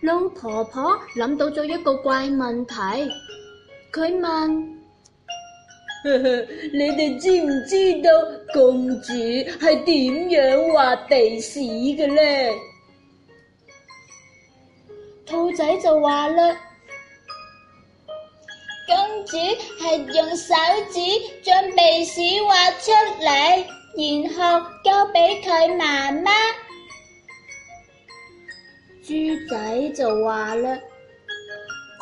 老婆婆諗到咗一個怪問題，佢問：呵呵，你哋知唔知道公主係點樣挖鼻屎嘅咧？兔仔就話啦，公主係用手指將鼻屎挖出嚟，然後交俾佢媽媽。豬仔就話啦：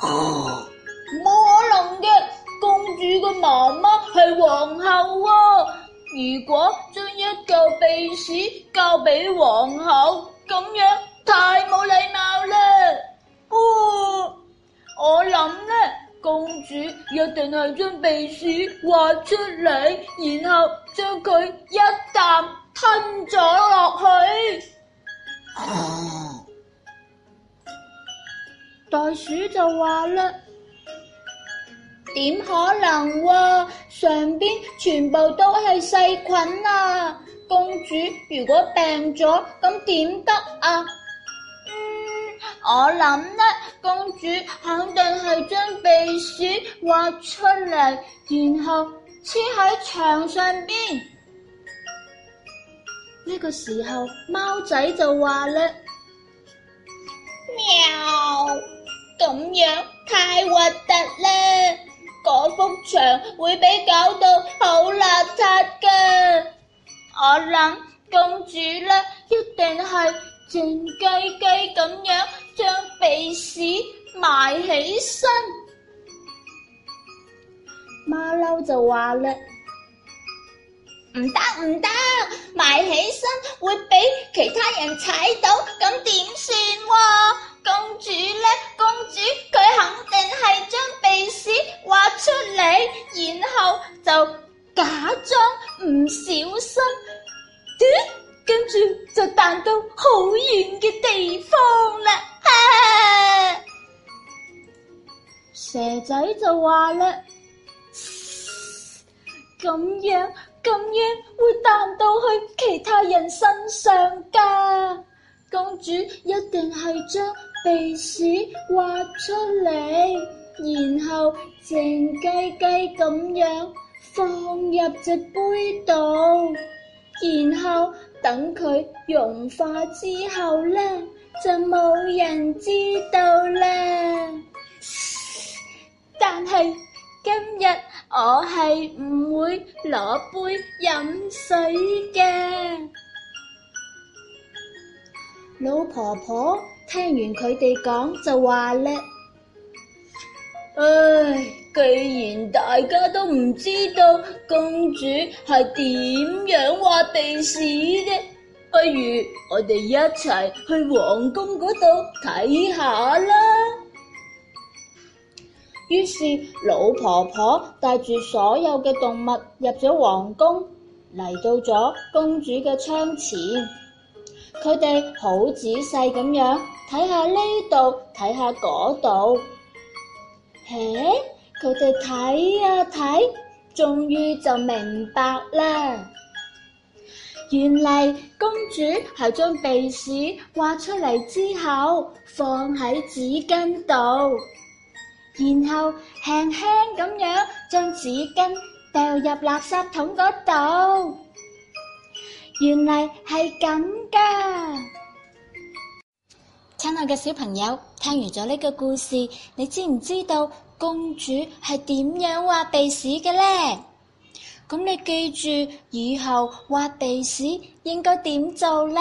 冇、啊、可能嘅，公主嘅媽媽係皇后啊！如果將一嚿鼻屎交俾皇后，咁樣太冇禮貌啦、啊。我諗咧，公主一定係將鼻屎挖出嚟，然後將佢一啖吞咗落去。啊袋鼠就話啦，點可能啊？上邊全部都係細菌啊！公主如果病咗，咁點得啊？嗯，我諗咧，公主肯定係將鼻屎挖出嚟，然後黐喺牆上邊。呢個時候，貓仔就話啦。喵，咁樣太核突啦！嗰幅牆會俾搞到好邋遢噶。我諗公主咧一定係靜雞雞咁樣將鼻屎埋起身。馬騮就話咧：唔得唔得，埋起身會俾其他人踩到，咁點算？公主咧，公主佢肯定係將鼻屎挖出嚟，然後就假裝唔小心，跟住就彈到好遠嘅地方啦。哈哈。蛇仔就話咧，咁樣咁樣會彈到去其他人身上噶。公主一定係將鼻屎挖出嚟，然後靜雞雞咁樣放入隻杯度，然後等佢融化之後呢，就冇人知道啦。但係今日我係唔會攞杯飲水嘅。老婆婆聽完佢哋講就話咧，唉，既然大家都唔知道公主係點樣挖鼻屎嘅，不如我哋一齊去皇宮嗰度睇下啦。於是老婆婆帶住所有嘅動物入咗皇宮，嚟到咗公主嘅窗前。佢哋好仔細咁樣睇下呢度，睇下嗰度。嘿，佢哋睇啊睇，終於就明白啦。原嚟公主係將鼻屎挖出嚟之後，放喺紙巾度，然後輕輕咁樣將紙巾掉入垃圾桶嗰度。原來係咁噶！親愛嘅小朋友，聽完咗呢個故事，你知唔知道公主係點樣挖鼻屎嘅咧？咁你記住，以後挖鼻屎應該點做咧？